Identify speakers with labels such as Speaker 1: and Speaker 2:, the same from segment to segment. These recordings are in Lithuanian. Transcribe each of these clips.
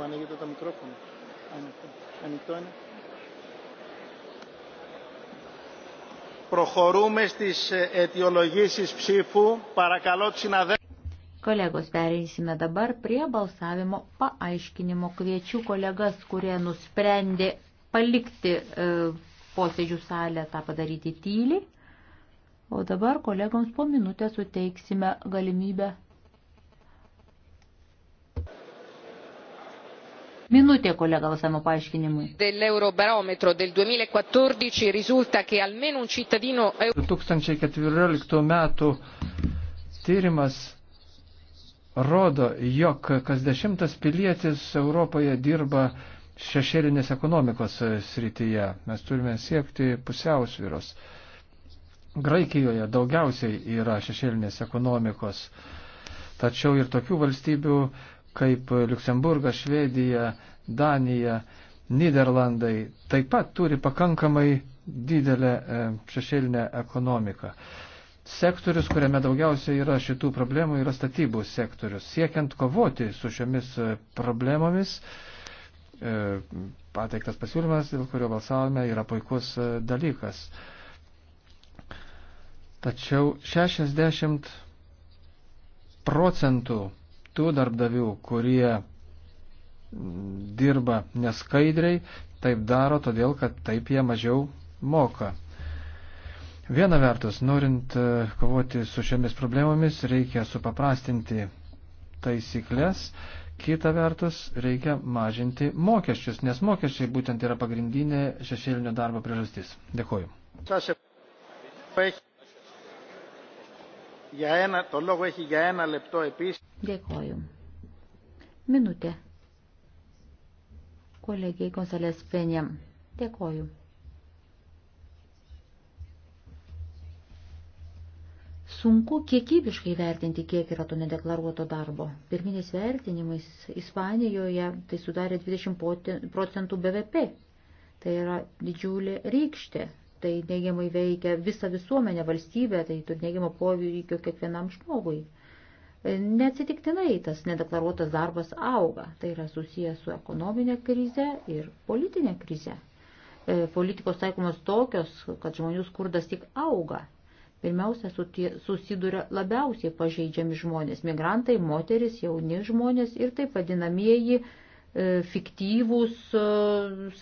Speaker 1: μου ανοίγετε το μικρόφωνο. Ανοιχτό, ανοιχτό είναι. Προχωρούμε στις αιτιολογήσεις ψήφου. Παρακαλώ τους συναδέλφους.
Speaker 2: Kolegos, pereisime dabar prie balsavimo paaiškinimo. Kviečiu kolegas, kurie nusprendė palikti e, posėdžių salę, tą padaryti tyliai. O dabar kolegoms po minutę suteiksime galimybę Minutė kolega balsavimo paaiškinimui. Dell'eurobarometro del 2014 risulta che almeno un cittadino...
Speaker 1: 2014 metų tyrimas rodo, jog kas dešimtas pilietis Europoje dirba šešėlinės ekonomikos srityje. Mes turime siekti pusiausvyros. Graikijoje daugiausiai yra šešėlinės ekonomikos, tačiau ir tokių valstybių, kaip Luksemburgas, Švedija, Danija, Niderlandai taip pat turi pakankamai didelę e, šešėlinę ekonomiką. Sektorius, kuriame daugiausiai yra šitų problemų, yra statybų sektorius. Siekiant kovoti su šiomis e, problemomis, e, pateiktas pasiūlymas, dėl kurio balsavome, yra puikus dalykas. Tačiau 60 procentų tų darbdavių, kurie dirba neskaidriai, taip daro todėl, kad taip jie mažiau moka. Viena vertus, norint e, kovoti su šiomis problemomis, reikia supaprastinti taisyklės, kita vertus, reikia mažinti mokesčius, nes mokesčiai būtent yra pagrindinė šešėlinio darbo priežastis. Dėkuoju. Για ένα, το λόγο έχει για ένα λεπτό επίσης. Dėkoju.
Speaker 2: Minutė. Kolegiai Gonzalės Penėm. Dėkoju. Sunku kiekybiškai vertinti, kiek yra to nedeklaruoto darbo. Pirminiais vertinimais Ispanijoje tai sudarė 20 procentų BVP. Tai yra didžiulė rykštė tai neigiamai veikia visą visuomenę, valstybę, tai turi neigiamą poveikio kiekvienam žmogui. Neatsitiktinai tas nedeklaruotas darbas auga, tai yra susijęs su ekonominė krize ir politinė krize. E, politikos taikomos tokios, kad žmonių skurdas tik auga. Pirmiausia, susiduria labiausiai pažeidžiami žmonės - migrantai, moteris, jauni žmonės ir taip vadinamieji E, fiktyvūs e,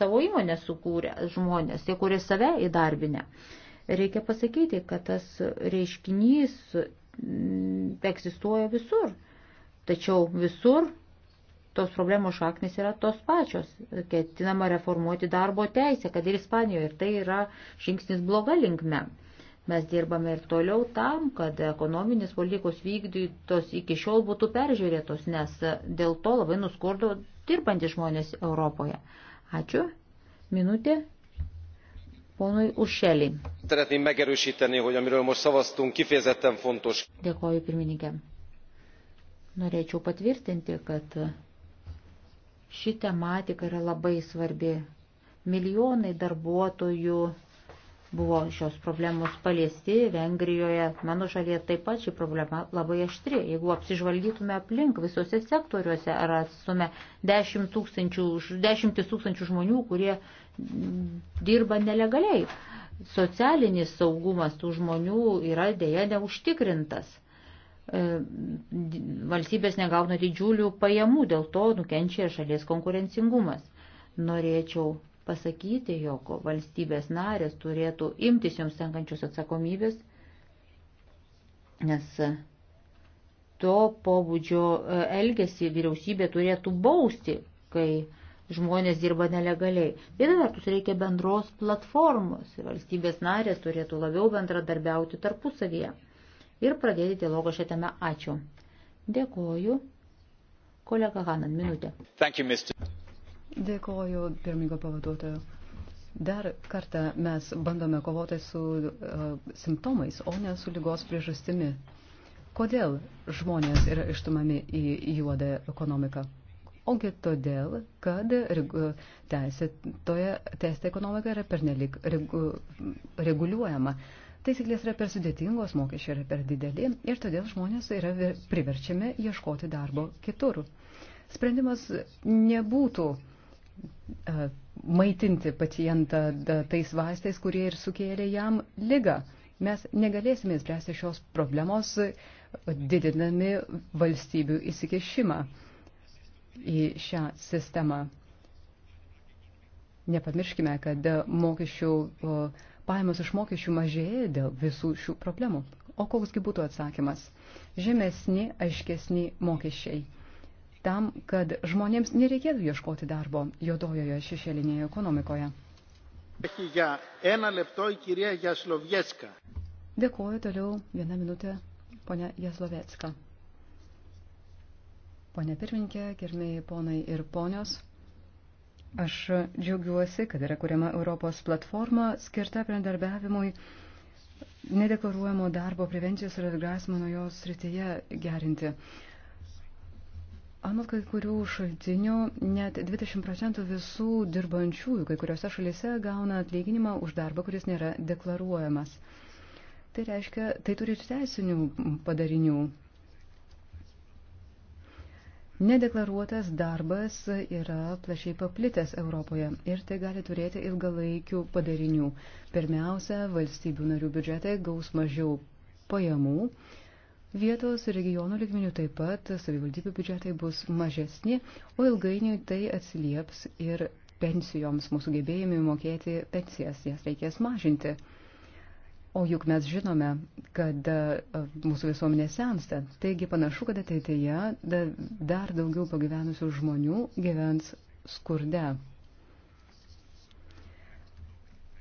Speaker 2: savo įmonę sukūrę žmonės, tie, kurie save įdarbinę. Reikia pasakyti, kad tas reiškinys mm, egzistuoja visur. Tačiau visur tos problemos šaknis yra tos pačios. Ketinama reformuoti darbo teisę, kad ir Ispanijoje, ir tai yra žingsnis bloga linkme. Mes dirbame ir toliau tam, kad ekonominės politikos vykdytos iki šiol būtų peržiūrėtos, nes dėl to labai nuskurdo dirbantys žmonės Europoje. Ačiū. Minutė. Ponui Ušelį.
Speaker 1: Szeretném megerősíteni, hogy amiről most szavaztunk, kifejezetten fontos.
Speaker 2: Dėkoju pirmininkė. Norėčiau patvirtinti, kad ši tematika yra labai svarbi. Milijonai darbuotojų buvo šios problemos paliesti, Vengrijoje, mano šalyje taip pat ši problema labai aštri. Jeigu apsižvalgytume aplink visose sektoriuose, ar atstume dešimt tūkstančių, dešimtis tūkstančių žmonių, kurie dirba nelegaliai, socialinis saugumas tų žmonių yra dėja neužtikrintas. E, valstybės negauna didžiulių pajamų, dėl to nukenčia ir šalies konkurencingumas. Norėčiau pasakyti, jog valstybės narės turėtų imtis joms tenkančios atsakomybės, nes to pobūdžio e, elgesį vyriausybė turėtų bausti, kai žmonės dirba nelegaliai. Viena vertus reikia bendros platformos ir valstybės narės turėtų labiau bendradarbiauti tarpusavyje ir pradėti dialogą šią temą. Ačiū. Dėkoju. Kolega Hanan, minutė. Thank you, Mr. Dėkoju, pirmininko pavaduotojo. Dar
Speaker 3: kartą mes bandome kovoti su uh, simptomais, o ne su lygos priežastimi. Kodėl žmonės yra ištumami į juodą ekonomiką? Ogi todėl, kad teisė ekonomika yra pernelik regu, reguliuojama. Taisyklės yra per sudėtingos, mokesčiai yra per dideli ir todėl žmonės yra priverčiami ieškoti darbo kitur. Sprendimas nebūtų uh, E, maitinti pacientą tais vaistais, kurie ir sukėlė jam lygą. Mes negalėsime spręsti šios problemos e, didinami valstybių įsikešimą į šią sistemą. Nepamirškime, kad mokesčių, pajamos iš mokesčių mažėja dėl visų šių problemų. O koksgi būtų atsakymas? Žemesni, aiškesni mokesčiai tam, kad žmonėms nereikėtų ieškoti darbo juodojoje šešėlinėje ekonomikoje. Dėkuoju toliau vieną minutę, ponia Jaslovecka. Pone pirmininkė, kirmėjai ponai ir ponios. Aš džiaugiuosi, kad yra kuriama Europos platforma skirta bendarbiavimui nedeklaruojamo darbo prevencijos ir atgrasimo nuo jos srityje gerinti. Anot kai kurių šaltinių, net 20 procentų visų dirbančiųjų kai kuriuose šalyse gauna atlyginimą už darbą, kuris nėra deklaruojamas. Tai reiškia, tai turi ir teisinių padarinių. Nedeklaruotas darbas yra plašiai paplitęs Europoje ir tai gali turėti ilgalaikių padarinių. Pirmiausia, valstybių narių biudžetai gaus mažiau pajamų Vietos regionų ligminių taip pat savivaldybių biudžetai bus mažesni, o ilgainiui tai atsilieps ir pensijoms, mūsų gebėjimui mokėti pensijas, jas reikės mažinti. O juk mes žinome, kad e, mūsų visuomenė sensta, taigi panašu, kad ateityje dar daugiau pagyvenusių žmonių gyvens skurde.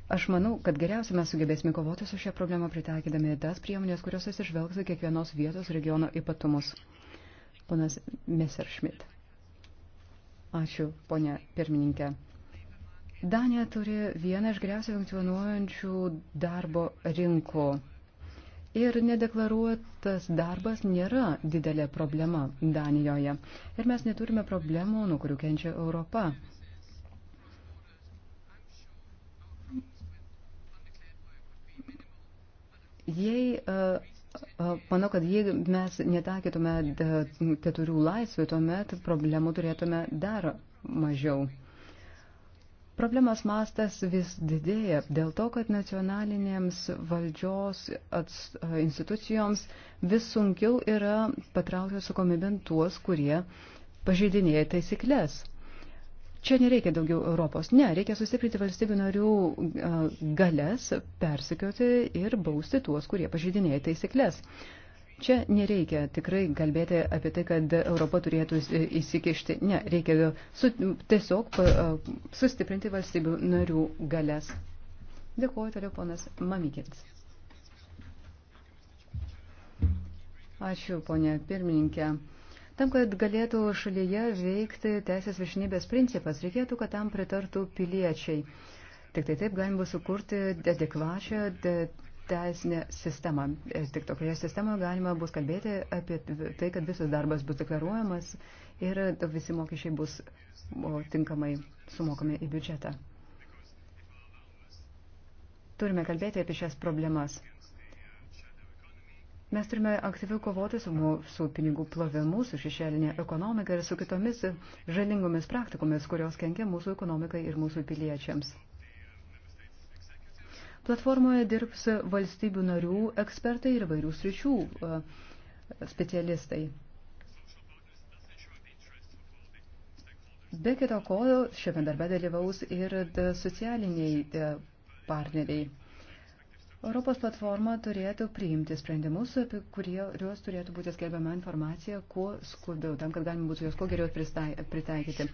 Speaker 3: Aš manau, kad geriausiai mes sugebėsime kovoti su šią problemą pritaikydami tas priemonės, kurios atsižvelgs į kiekvienos vietos regiono ypatumus. Ponas Messerschmidt. Ačiū, ponė pirmininkė. Danija turi vieną iš geriausiai funkcionuojančių darbo rinkų. Ir nedeklaruotas darbas nėra didelė problema Danijoje. Ir mes neturime problemų, nuo kurių kenčia Europa. Jei, e, e, manau, kad jei mes netakytume e, keturių laisvių, tuomet problemų turėtume dar mažiau. Problemas mastas vis didėja dėl to, kad nacionalinėms valdžios ats, institucijoms vis sunkiau yra patraukti atsakomybėn tuos, kurie pažeidinėja taisyklės. Čia nereikia daugiau Europos. Ne, reikia sustiprinti valstybių narių galės persikioti ir bausti tuos, kurie pažydinėja taisyklės. Čia nereikia tikrai kalbėti apie tai, kad Europa turėtų įsikišti. Ne, reikia su, tiesiog sustiprinti valstybių narių galės. Dėkuoju toliau ponas Mamikins. Ačiū, ponė pirmininkė. Tam, kad galėtų šalyje veikti teisės viršinybės principas, reikėtų, kad tam pritartų piliečiai. Tik tai taip galima sukurti adekvačią teisinę sistemą. E, tik tokioje sistemoje galima bus kalbėti apie tai, kad visas darbas bus deklaruojamas ir visi mokesčiai bus tinkamai sumokami į biudžetą. Turime kalbėti apie šias problemas. Mes turime aktyviau kovoti su mūsų pinigų plovimu, su šešėlinė ekonomika ir su kitomis žalingomis praktikomis, kurios kenkia mūsų ekonomikai ir mūsų piliečiams. Platformoje dirbs valstybių narių ekspertai ir vairių sričių specialistai. Be kito ko, šiame darbe dalyvaus ir socialiniai partneriai. Europos platforma turėtų priimti sprendimus, apie kuriuos turėtų būti skelbiama informacija kuo skubiau, tam, kad galima būtų juos kuo geriau pritaikyti.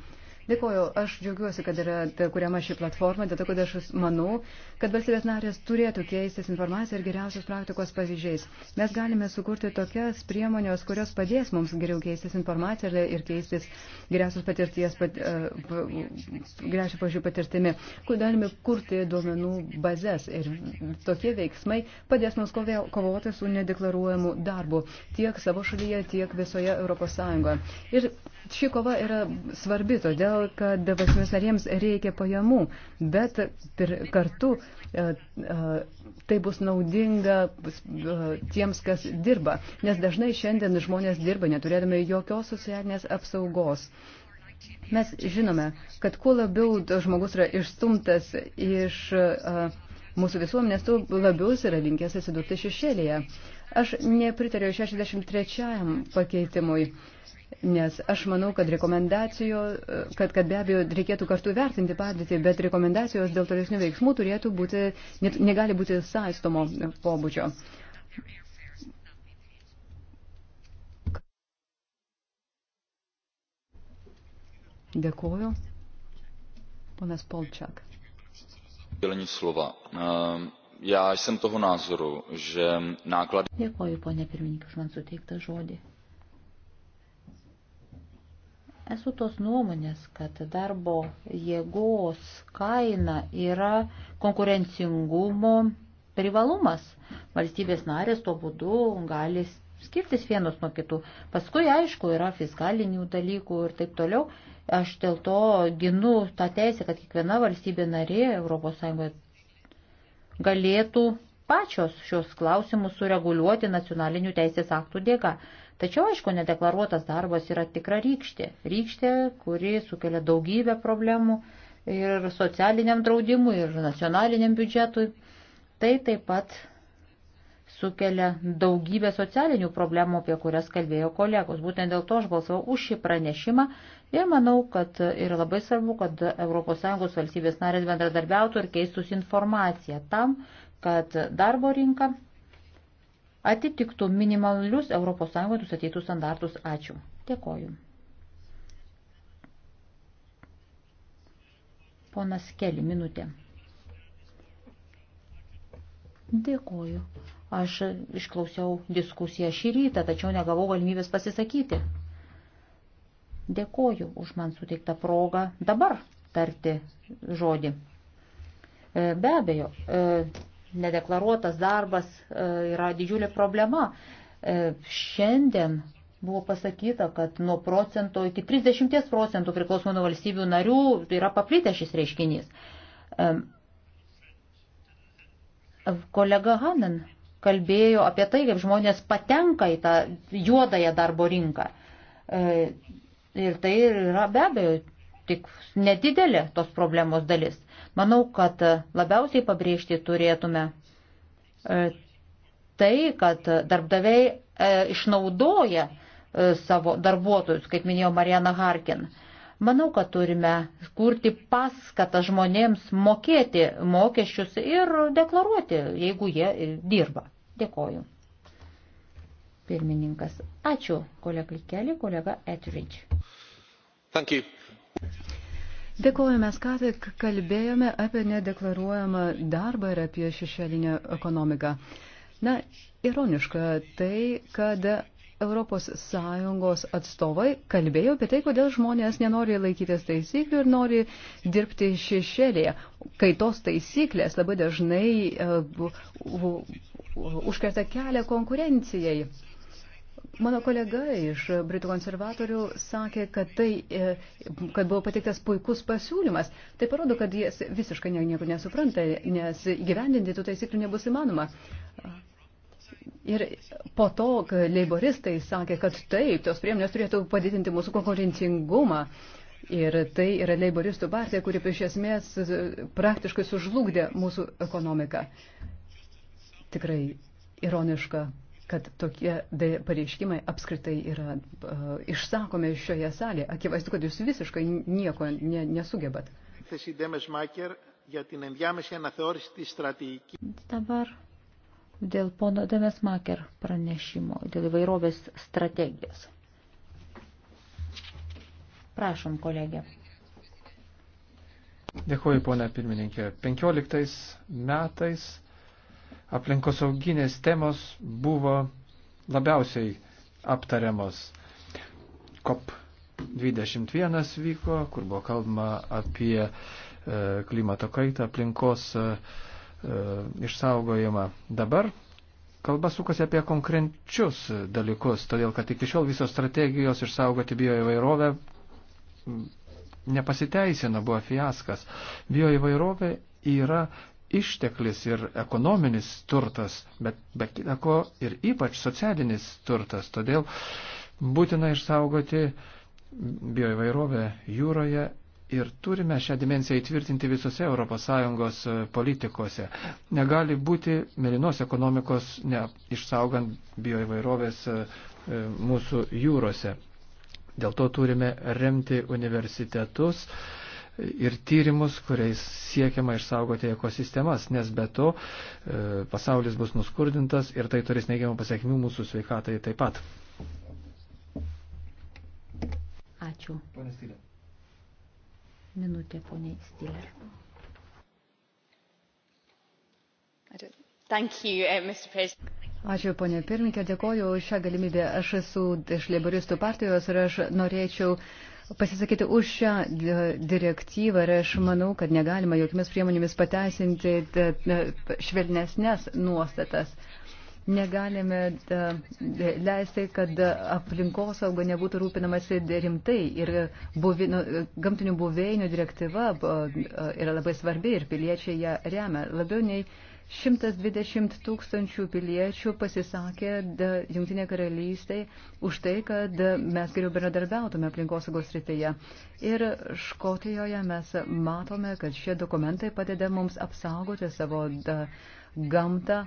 Speaker 3: Dėkoju, aš džiaugiuosi, kad yra kuriama ši platforma, dėl to, kad aš manau, kad valstybės narės turėtų keistis informaciją ir geriausios praktikos pavyzdžiais. Mes galime sukurti tokias priemonės, kurios padės mums geriau keistis informaciją ir keistis geriausios patirties, pat, e, geriausių pažiūrų patirtimi, kur galime kurti duomenų bazės ir tokie veiksmai padės mums kovoti su nedeklaruojamu darbu tiek savo šalyje, tiek visoje Europos Sąjungoje. Ir Ši kova yra svarbi, todėl kad valstybės narėms reikia pajamų, bet kartu e, e, tai bus naudinga e, tiems, kas dirba, nes dažnai šiandien žmonės dirba neturėdami jokios socialinės apsaugos. Mes žinome, kad kuo labiau žmogus yra išstumtas iš mūsų visuomenės, tuo labiau jis yra linkęs atsidurti šešėlėje. Aš nepritariu 63 pakeitimui. Nes aš manau, kad rekomendacijos, kad, kad be abejo reikėtų kartu vertinti padėtį, bet rekomendacijos dėl tolesnių veiksmų turėtų būti, net, negali būti saistomo pobūdžio. Dėkuoju. Ponas Polčak.
Speaker 2: Udělení
Speaker 1: slova. Ehm, já jsem toho názoru, že náklady...
Speaker 2: Dėkuoju, ponė pirmininkė, už man suteiktą žodį. Esu tos nuomonės, kad darbo jėgos kaina yra konkurencingumo privalumas. Valstybės narės tuo būdu gali skirtis vienos nuo kitų. Paskui, aišku, yra fiskalinių dalykų ir taip toliau. Aš dėl to ginu tą teisę, kad kiekviena valstybė narė ES galėtų pačios šios klausimus sureguliuoti nacionalinių teisės aktų dėka. Tačiau, aišku, nedeklaruotas darbas yra tikra rykštė. Rykštė, kuri sukelia daugybę problemų ir socialiniam draudimui, ir nacionaliniam biudžetui. Tai taip pat sukelia daugybę socialinių problemų, apie kurias kalbėjo kolegos. Būtent dėl to aš balsavau už šį pranešimą ir manau, kad yra labai svarbu, kad ES valstybės narės bendradarbiautų ir keistus informaciją tam, kad darbo rinka atitiktų minimalius ES nustatytus standartus. Ačiū. Dėkoju. Ponas Keli, minutė. Dėkoju. Aš išklausiau diskusiją šį rytą, tačiau negavau galimybės pasisakyti. Dėkoju už man suteiktą progą dabar tarti žodį. E, be abejo, e, nedeklaruotas darbas e, yra didžiulė problema. E, šiandien buvo pasakyta, kad nuo procento iki 30 procentų priklausomų nuo valstybių narių yra paplitęs šis reiškinys. E, kolega Hanan kalbėjo apie tai, kaip žmonės patenka į tą juodąją darbo rinką. Ir tai yra be abejo tik nedidelė tos problemos dalis. Manau, kad labiausiai pabrėžti turėtume e, tai, kad darbdaviai e, išnaudoja e, savo darbuotojus, kaip minėjo Mariana Harkin. Manau, kad turime kurti paskatą žmonėms mokėti mokesčius ir deklaruoti, jeigu jie dirba. Dėkoju. Pirmininkas. Ačiū, kolega Likelį, kolega Etridge. Thank you.
Speaker 3: Dėkuoju, mes ką tik kalbėjome apie nedeklaruojamą darbą ir apie šešėlinę ekonomiką. Na, ironiška tai, kad ES atstovai kalbėjo apie tai, kodėl žmonės nenori laikytis taisyklių ir nori dirbti šešėlėje, kai tos taisyklės labai dažnai uh, uh, uh, užkerta kelią konkurencijai. Uh, Mano kolega iš Britų konservatorių sakė, kad, tai, e, kad buvo pateiktas puikus pasiūlymas. Tai parodo, kad jis visiškai nieko nesupranta, nes gyvendinti tų taisyklių nebus įmanoma. Ir po to, kai leiboristai sakė, kad taip, tos priemonės turėtų padidinti mūsų konkurencingumą. Ir tai yra leiboristų partija, kuri iš esmės praktiškai sužlugdė mūsų ekonomiką. Tikrai ironiška kad tokie pareiškimai apskritai yra uh, išsakomi šioje salėje. Akivaizdu, kad jūs visiškai nieko ne, nesugebat.
Speaker 2: Dabar dėl pono Demesmaker pranešimo, dėl įvairovės strategijos. Prašom, kolegė.
Speaker 1: Dėkuoju, ponia pirmininkė. 15 metais aplinkosauginės temos buvo labiausiai aptariamos. COP21 vyko, kur buvo kalbama apie e, klimato kaitą, aplinkos e, e, išsaugojimą. Dabar kalba sukasi apie konkrečius dalykus, todėl kad iki šiol visos strategijos išsaugoti bioįvairovę nepasiteisino, buvo fiaskas. Bioįvairovė yra išteklis ir ekonominis turtas, bet be kitako ir ypač socialinis turtas. Todėl būtina išsaugoti bioįvairovę jūroje ir turime šią dimenciją įtvirtinti visose ES e, politikose. Negali būti melinos ekonomikos ne, išsaugant bioįvairovės e, e, mūsų jūrose. Dėl to turime remti universitetus ir tyrimus, kuriais siekiama išsaugoti ekosistemas, nes be to e, pasaulis bus nuskurdintas ir tai turės neigiamą pasiekmių mūsų sveikatai taip pat. Ačiū. Pone Stilė.
Speaker 2: Minutė, ponė Stilė. Thank you, uh, eh, Mr. President.
Speaker 3: Ačiū, ponė pirmininkė, dėkoju už šią galimybę. Aš esu iš Leiboristų partijos ir aš norėčiau uh, pasisakyti už šią direktyvą ir aš manau, kad negalima jokiamis priemonėmis pateisinti švelnesnės nuostatas. Negalime leisti, kad aplinkosauga nebūtų rūpinamasi rimtai ir buvino, nu, gamtinių buveinių direktyva yra labai svarbi ir piliečiai ją remia labiau nei 120 tūkstančių piliečių pasisakė Junktinė karalystė už tai, kad mes geriau bendradarbiautume aplinkosaugos rytyje. Ir Škotijoje mes matome, kad šie dokumentai padeda mums apsaugoti savo da, gamtą.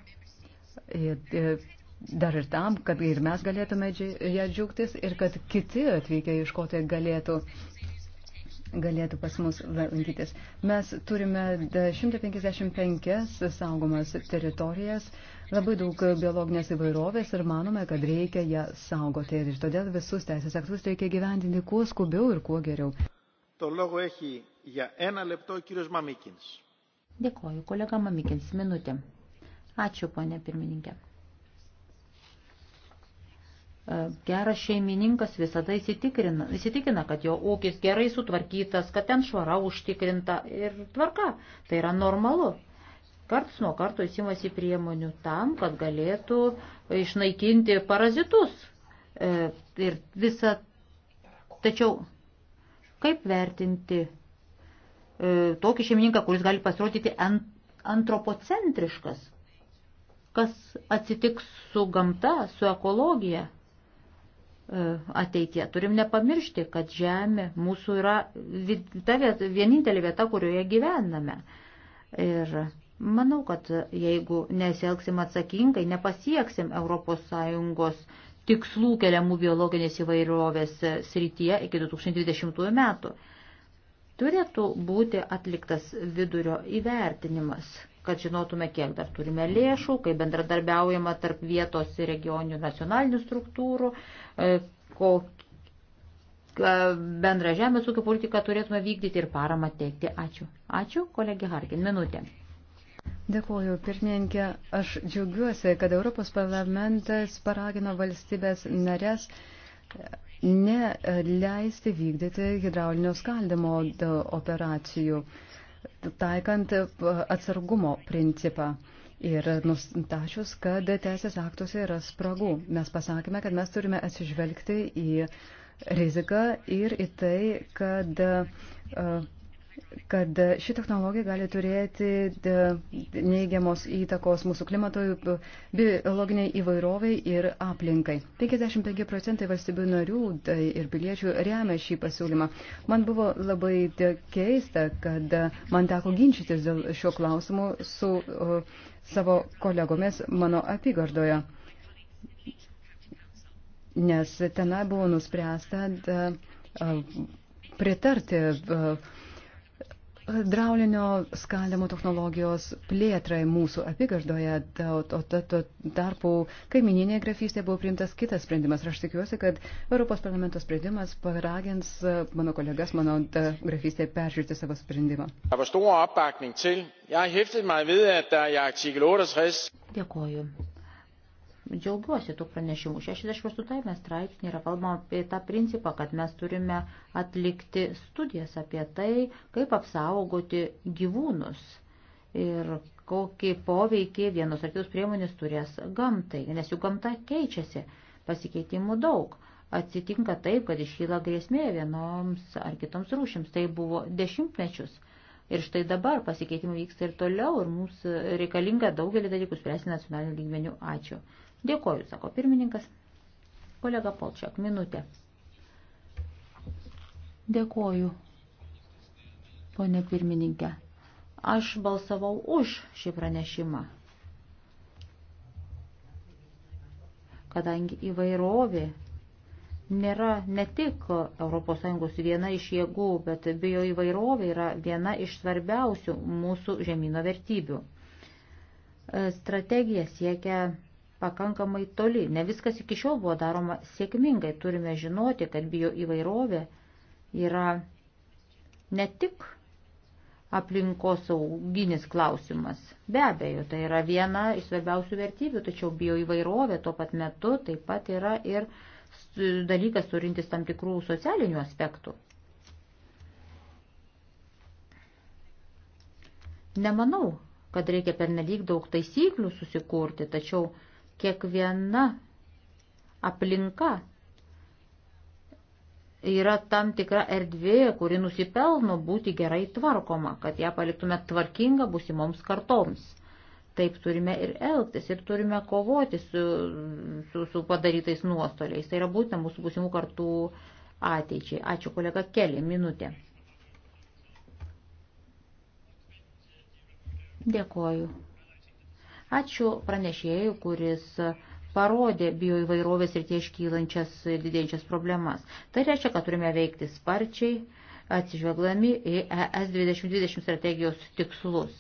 Speaker 3: E, dar ir tam, kad ir mes galėtume ją džiaugtis ir kad kiti atvykę iš Škotiją galėtų galėtų pas mus lankytis. Mes turime 155 saugomas teritorijas, labai daug biologinės įvairovės ir manome, kad reikia ją saugoti. Ir todėl visus teisės aktus reikia gyvendinti kuo skubiau ir kuo geriau.
Speaker 2: Dėkoju, kolega Mamikins, minutė. Ačiū, ponė pirmininkė. Geras šeimininkas visada įsitikina, įsitikina, kad jo ūkis gerai sutvarkytas, kad ten švara užtikrinta ir tvarka. Tai yra normalu. Karts nuo karto įsimasi priemonių tam, kad galėtų išnaikinti parazitus. E, ir visa. Tačiau kaip vertinti e, tokį šeimininką, kuris gali pasirodyti ant, antropocentriškas? Kas atsitiks su gamta, su ekologija? E, ateitie. Turim nepamiršti, kad žemė mūsų yra ta vieta, vienintelė vieta, kurioje gyvename. Ir manau, kad jeigu nesielgsim atsakingai, nepasieksim ES tikslų keliamų biologinės įvairovės srityje iki 2020 metų. Turėtų būti atliktas vidurio įvertinimas kad žinotume, kiek dar turime lėšų, kaip bendradarbiaujama tarp vietos ir regioninių nacionalinių struktūrų, e, kokią bendrą žemės ūkio politiką turėtume vykdyti ir paramą teikti. Ačiū. Ačiū, kolegė Harkin. Minutė.
Speaker 3: Dėkuoju, pirmininkė. Aš džiaugiuosi, kad Europos parlamentas paragino valstybės narės neleisti vykdyti hidraulinio skaldimo operacijų taikant atsargumo principą. Ir nustačius, kad teisės aktuose yra spragų, mes pasakėme, kad mes turime atsižvelgti į riziką ir į tai, kad uh, kad ši technologija gali turėti e, neigiamos įtakos mūsų klimatoj, biologiniai įvairoviai ir aplinkai. 55 procentai valstybių narių tai ir piliečių remia šį pasiūlymą. Man buvo labai e, keista, kad e, man teko ginčytis dėl šio klausimo su savo kolegomis mano apygardoje. Nes tenai buvo nuspręsta pritarti uh, Hidraulinio skaldimo technologijos plėtrai mūsų apygardoje, o tarpu kaimininėje grafystėje buvo priimtas kitas sprendimas. Aš tikiuosi, kad Europos parlamento sprendimas paragins e, mano kolegas mano grafystėje peržiūrėti savo sprendimą.
Speaker 2: Dėkoju. Džiaugiuosi tų pranešimų. 68 straipsnė yra kalbama apie tą principą, kad mes turime atlikti studijas apie tai, kaip apsaugoti gyvūnus ir kokį poveikį vienos ar kitos priemonės turės gamtai, nes jų gamta keičiasi, pasikeitimų daug. Atsitinka taip, kad iškyla grėsmė vienoms ar kitoms rūšims. Tai buvo dešimtmečius. Ir štai dabar pasikeitimai vyksta ir toliau, ir mums reikalinga daugelį dalykų spręsti nacionalinių lygmenių. Ačiū. Dėkoju, sako pirmininkas. Kolega Polčiak, minutė. Dėkoju, ponė pirmininkė. Aš balsavau už šį pranešimą, kadangi įvairovė nėra ne tik ES viena iš jėgų, bet bio įvairovė yra viena iš svarbiausių mūsų žemino vertybių. Strategija siekia pakankamai toli. Ne viskas iki šiol buvo daroma sėkmingai. Turime žinoti, kad bio įvairovė yra ne tik aplinkos sauginis klausimas. Be abejo, tai yra viena iš svarbiausių vertybių, tačiau bio įvairovė tuo pat metu taip pat yra ir dalykas turintis tam tikrų socialinių aspektų. Nemanau, kad reikia pernelyg daug taisyklių susikurti, tačiau kiekviena aplinka yra tam tikra erdvė, kuri nusipelno būti gerai tvarkoma, kad ją paliktume tvarkingą busimoms kartoms. Taip turime ir elgtis, ir turime kovoti su, su, su padarytais nuostoliais. Tai yra būtent mūsų busimų kartų ateičiai. Ačiū kolega Keli, minutė. Dėkoju Ačiū pranešėjui, kuris parodė bioįvairovės ir tie iškylančias didėjančias problemas. Tai reiškia, kad turime veikti sparčiai, atsižvelgdami į ES 2020 strategijos tikslus.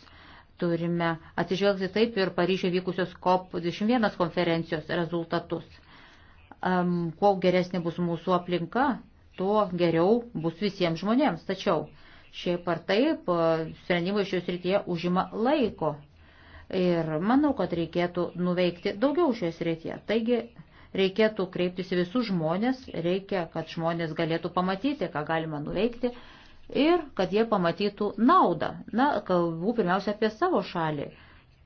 Speaker 2: Turime atsižvelgti taip ir Paryžiai vykusios COP21 konferencijos rezultatus. Um, kuo geresnė bus mūsų aplinka, tuo geriau bus visiems žmonėms. Tačiau šiaip ar taip sprendimai šios rytyje užima laiko Ir manau, kad reikėtų nuveikti daugiau šioje srityje. Taigi reikėtų kreiptis į visus žmonės, reikia, kad žmonės galėtų pamatyti, ką galima nuveikti ir kad jie pamatytų naudą. Na, kalbu pirmiausia apie savo šalį,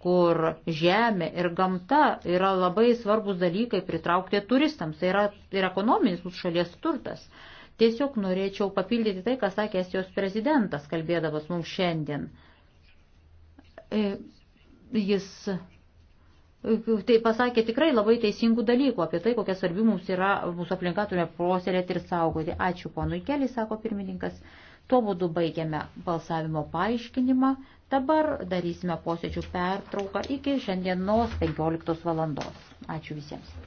Speaker 2: kur žemė ir gamta yra labai svarbus dalykai pritraukti turistams, tai yra ir ekonominis mūsų šalies turtas. Tiesiog norėčiau papildyti tai, ką sakė Estijos prezidentas, kalbėdamas mums šiandien. E, Jis e, tai pasakė tikrai labai teisingų dalykų apie tai, kokia svarbi mums yra mūsų aplinka turime proselėti ir saugoti. Ačiū ponui Kelį, sako pirmininkas. Tuo būdu baigiame balsavimo paaiškinimą. Dabar darysime posėdžių pertrauką iki šiandienos 15 valandos. Ačiū visiems.